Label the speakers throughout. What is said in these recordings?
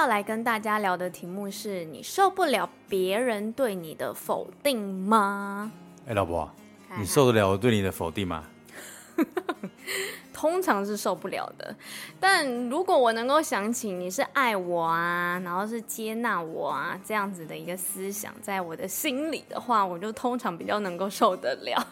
Speaker 1: 要來跟大家聊的題目是你受不了別人對你的否定嗎？
Speaker 2: 哎、欸，老婆，開開你受得了我對你的否定嗎？
Speaker 1: 通常是受不了的，但如果我能夠想起你是愛我啊，然後是接納我啊，這樣子的一個思想，在我的心裡的話，我就通常比較能夠受得了。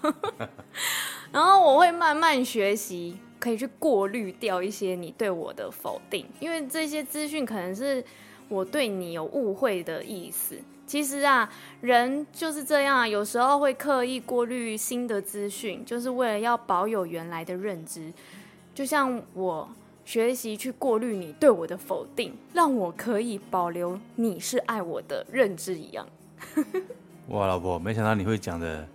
Speaker 1: 然後我會慢慢學習。可以去過濾掉一些你對我的否定，因為這些資訊可能是我對你有誤會的意思。其實啊，人就是這樣，有時候會刻意過濾新的資訊，就是為了要保有原來的認知。就像我學習去過濾你對我的否定，讓我可以保留你是愛我的認知一樣。
Speaker 2: 哇，老婆，沒想到你會講得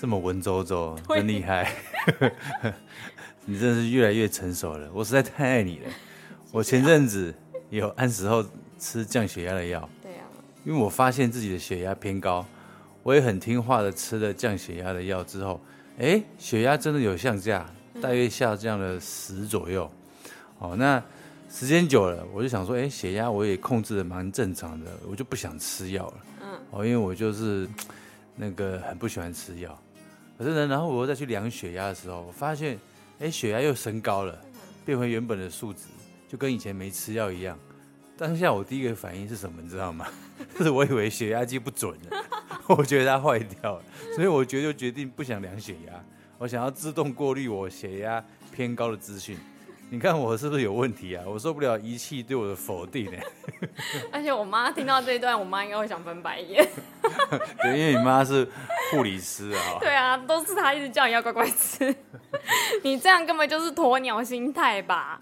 Speaker 2: 這麼文縐縐， 對真厲害！ 你真的是越來越成熟了，我實在太愛你了。我前陣子有按時候吃降血壓的藥，對呀，因為我發現自己的血壓偏高，我也很聽話的吃了降血壓的藥之後，誒，血壓真的有下降，大約下降了十左右。哦，那時間久了，我就想說，哎，血壓我也控制的蠻正常的，我就不想吃藥了。嗯，哦，因為我就是那個很不喜歡吃藥。可是呢，然後我再去量血壓的時候，我發現。誒，血壓又升高了，變回原本的數值，就跟以前沒吃藥一樣。當下我第一個反應是什麼，你知道嗎？是我以為血壓計不準了，我覺得它壞掉了，所以我覺得就決定不想量血壓，我想要自動過濾我血壓偏高的資訊。你看我是不是有問題啊？我受不了儀器對我的否定呢、欸。
Speaker 1: 而且我媽聽到這一段，我媽應該會想翻白
Speaker 2: 眼。對，因為你媽是。護理師啊，
Speaker 1: 哦、 對啊，都是他一直叫你要乖乖吃， 你這樣根本就是鴕鳥心態吧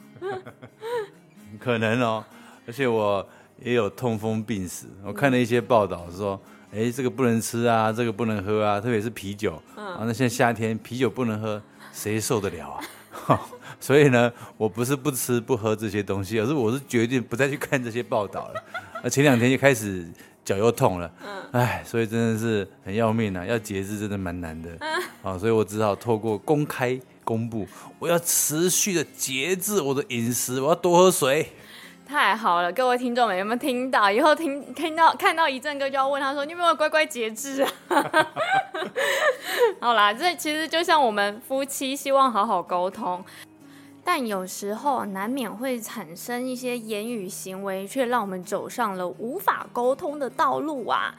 Speaker 1: ？
Speaker 2: 可能哦，而且我也有痛風病史，我看了一些報道說，哎、嗯，這個不能吃啊，這個不能喝啊，特別是啤酒、嗯、啊。那現在夏天啤酒不能喝，誰受得了啊？ 所以呢，我不是不吃不喝這些東西，而是我是決定不再去看這些報道了。 而前兩天就開始。腳又痛了，哎，所以真的是很要命啊！要節制真的蠻難的，啊，好，所以我只好透過公開公布，我要持續的節制我的飲食，我要多喝水。
Speaker 1: 太好了，各位聽眾們，有沒有聽到？以後聽聽到看到阿正哥就要問他說：“你有沒有乖乖節制啊？” 好啦，這其實就像我們夫妻希望好好溝通。但有時候難免會產生一些言語行為，卻讓我們走上了無法溝通的道路啊！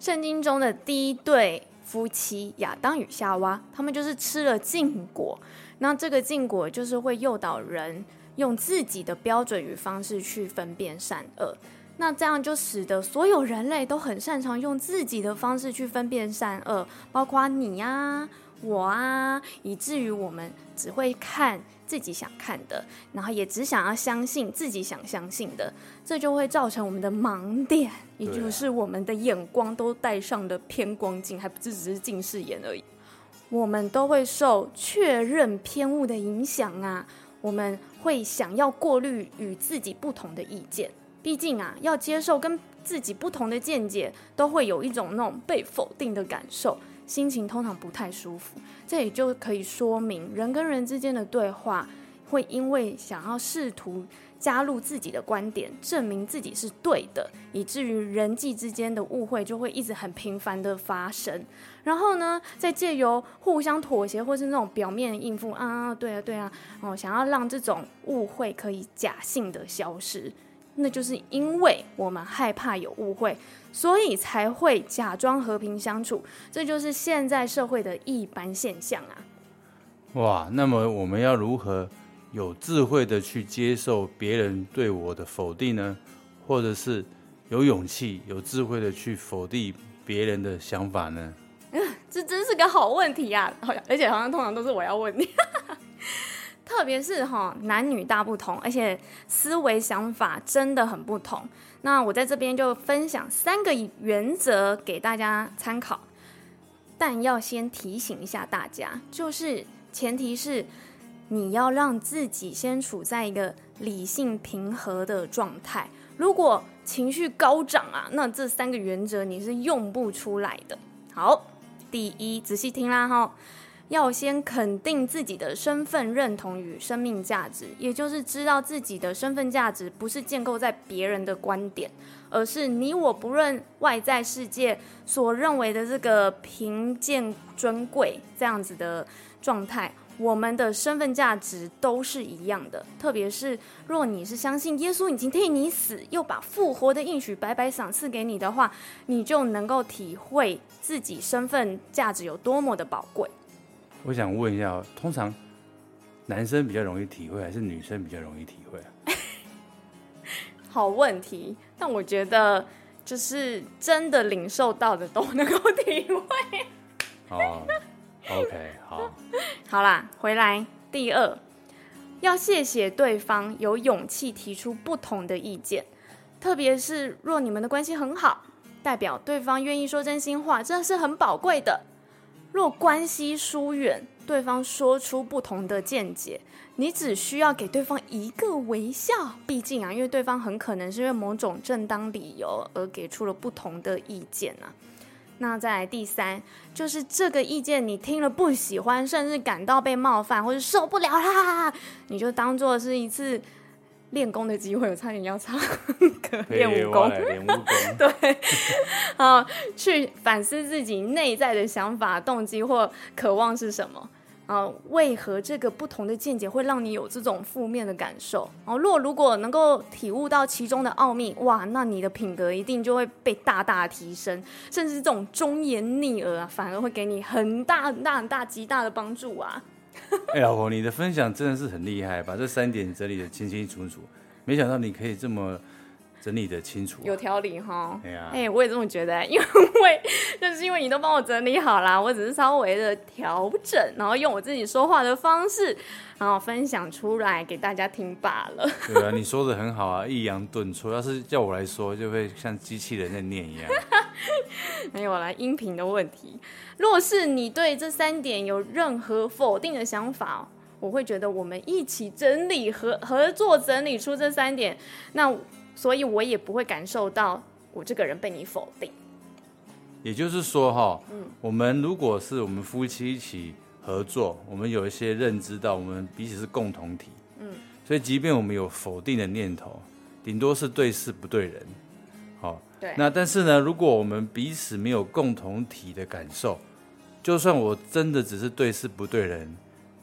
Speaker 1: 聖經中的第一對夫妻亞當與夏娃，他們就是吃了禁果。那這個禁果就是會誘導人用自己的標準與方式去分辨善惡。那這樣就使得所有人類都很擅長用自己的方式去分辨善惡，包括你啊，我啊，以至於我們只會看。自己想看的，然後也只想要相信自己想相信的，這就會造成我們的盲點，也就是我們的眼光都戴上的偏光鏡，還不止只是近視眼而已。我們都會受確認偏誤的影響啊，我們會想要過濾與自己不同的意見，畢竟啊，要接受跟自己不同的見解，都會有一種那種被否定的感受。心情通常不太舒服，這也就可以說明人跟人之間的對話，會因為想要試圖加入自己的觀點，證明自己是對的，以至於人際之間的誤會就會一直很頻繁的發生。然後呢，再借由互相妥協或是那種表面應付啊，對啊，對啊，哦，想要讓這種誤會可以假性的消失。那就是因為我們害怕有誤會，所以才會假裝和平相處。這就是現在社會的一般現象啊！
Speaker 2: 哇，那麼我們要如何有智慧的去接受別人對我的否定呢？或者是有勇氣、有智慧的去否定別人的想法呢？嗯，
Speaker 1: 這真是個好問題啊。好，而且好像通常都是我要問你。特別是哈，男女大不同，而且思維想法真的很不同。那我在這邊就分享三個原則給大家參考，但要先提醒一下大家，就是前提是你要讓自己先處在一個理性平和的狀態。如果情緒高漲啊，那這三個原則你是用不出來的。好，第一，仔細聽啦，哈。要先肯定自己的身份認同與生命價值，也就是知道自己的身份價值不是建構在別人的觀點，而是你我不論外在世界所認為的這個貧賤尊貴這樣子的狀態，我們的身份價值都是一樣的。特別是若你是相信耶穌已經替你死，又把復活的應許白白賞賜給你的話，你就能夠體會自己身份價值有多麼的寶貴。
Speaker 2: 我想問一下，通常男生比較容易體會，還是女生比較容易體會？
Speaker 1: 好問題，但我覺得就是真的領受到的都能夠體會。
Speaker 2: 好、 oh，OK，好、oh，
Speaker 1: 好啦，回來第二，要謝謝對方有勇氣提出不同的意見，特別是若你們的關係很好，代表對方願意說真心話，這是很寶貴的。若關係疏遠，對方說出不同的見解，你只需要給對方一個微笑。畢竟啊，因為對方很可能是因為某種正當理由而給出了不同的意見啊。那再來第三，就是這個意見你聽了不喜歡，甚至感到被冒犯或者受不了啦，你就當做是一次。練功的機會，我差點要唱
Speaker 2: 歌練武功，武功 對
Speaker 1: 啊，去反思自己內在的想法、動機或渴望是什麼啊？為何這個不同的見解會讓你有這種負面的感受？哦、啊，若如果能夠體悟到其中的奧秘，哇，那你的品格一定就會被大大提升，甚至這種忠言逆耳啊，反而會給你很大很大很大極大的幫助啊！
Speaker 2: 哎， 欸、老婆，你的分享真的是很厲害，把這三點整理的清清楚楚。沒想到你可以這麼整理的清楚、
Speaker 1: 啊，有條理哈、哦。哎、啊欸，我也這麼覺得，因為就是因為你都幫我整理好了，我只是稍微的調整，然後用我自己說話的方式，然後分享出來給大家聽罷了。
Speaker 2: 對啊，你說的很好啊，抑揚頓挫，要是叫我來說，就會像機器人在念一樣。
Speaker 1: 沒有啦，來音頻的問題。若是你對這三點有任何否定的想法，我會覺得我們一起整理合合作整理出這三點，那所以我也不會感受到我這個人被你否定。
Speaker 2: 也就是說，哦，哈，嗯，我們如果是我們夫妻一起合作，我們有一些認知到我們彼此是共同體，嗯，所以即便我們有否定的念頭，頂多是對事不對人。好，對那但是呢，如果我們彼此沒有共同體的感受，就算我真的只是對事不對人，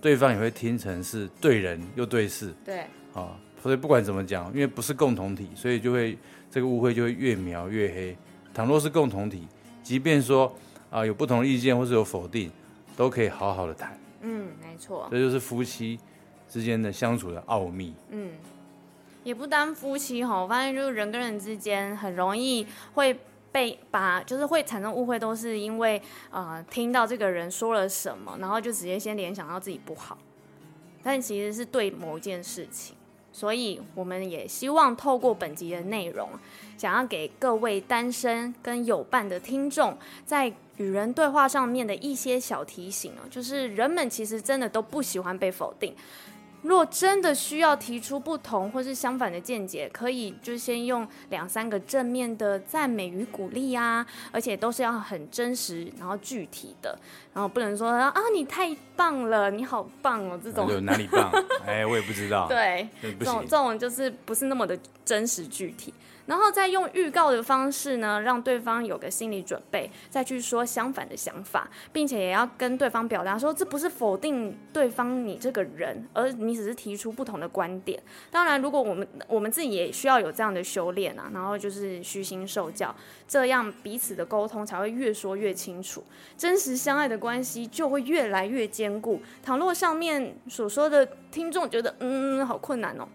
Speaker 2: 對方也會聽成是對人又對事。對啊，所以不管怎麼講，因為不是共同體，所以就會這個誤會就會越描越黑。倘若是共同體，即便說啊、呃、有不同的意見或是有否定，都可以好好的談。嗯，
Speaker 1: 沒錯，這
Speaker 2: 就是夫妻之間的相處的奧秘。嗯。
Speaker 1: 也不單夫妻哈，我發現就是人跟人之間很容易會被把，就是會產生誤會，都是因為啊、呃，聽到這個人說了什麼，然後就直接先聯想到自己不好，但其實是對某件事情。所以我們也希望透過本集的內容，想要給各位單身跟有伴的聽眾，在與人對話上面的一些小提醒啊，就是人們其實真的都不喜歡被否定。若真的需要提出不同或是相反的見解，可以就先用兩三個正面的讚美與鼓勵啊，而且都是要很真實，然後具體的，然後不能說啊，你太棒了，你好棒哦這種。有哪裡棒？
Speaker 2: 哎、 欸，我也不知道。對，這種這
Speaker 1: 種就是不是那麼的真實具體。然後再用預告的方式呢，讓對方有個心理準備，再去說相反的想法，並且也要跟對方表達說，這不是否定對方你這個人，而你只是提出不同的觀點。當然，如果我們我們自己也需要有這樣的修煉啊，然後就是虛心受教，這樣彼此的溝通才會越說越清楚，真實相愛的關係就會越來越堅固。倘若上面所說的聽眾覺得，嗯，好困難哦。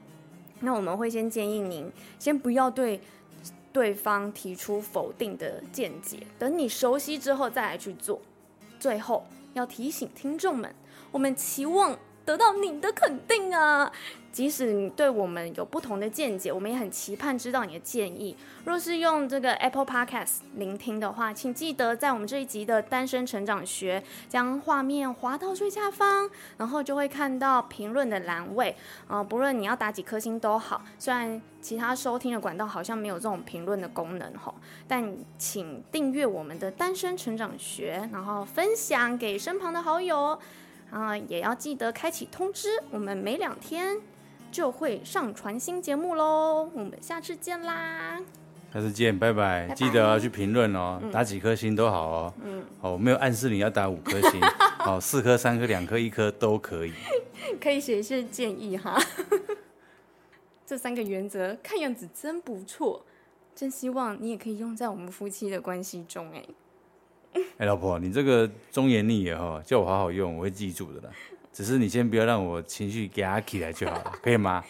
Speaker 1: 那我們會先建議您，先不要對對方提出否定的見解，等你熟悉之後再來去做。最後要提醒聽眾們，我們期望得到您的肯定啊。即使你對我們有不同的見解，我們也很期盼知道你的建議。若是用這個 Apple Podcast 聆聽的話，請記得在我們這一集的《單身成長學》，將畫面滑到最下方，然後就會看到評論的欄位。啊，不論你要打幾顆星都好，雖然其他收聽的管道好像沒有這種評論的功能哈，但請訂閱我們的《單身成長學》，然後分享給身旁的好友，啊，也要記得開啟通知，我們每兩天。就會上傳新節目嘍，我們下次見啦！
Speaker 2: 下次見，拜拜！拜拜記得要、啊、去評論哦，嗯、打幾顆星都好哦。嗯哦，我沒有暗示你要打五顆星，好、 哦，四顆、三顆、兩顆、一顆都可以。
Speaker 1: 可以寫一些建議哈、啊。 這三個原則，看樣子真不錯，真希望你也可以用在我們夫妻的關係中哎。
Speaker 2: 哎，老婆，你這個忠言逆耳哈，叫我好好用，我會記住的啦。只是你先不要讓我情緒給它起來就好了， 可以嗎？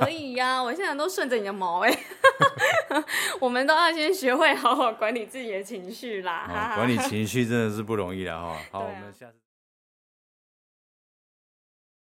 Speaker 1: 可以呀，啊， 我現在都順着你的毛哎， 我們都要先學會好好管理自己的情緒啦。哦、 管理情
Speaker 2: 緒真的是不容易的哈。 好，啊，我們
Speaker 1: 下次。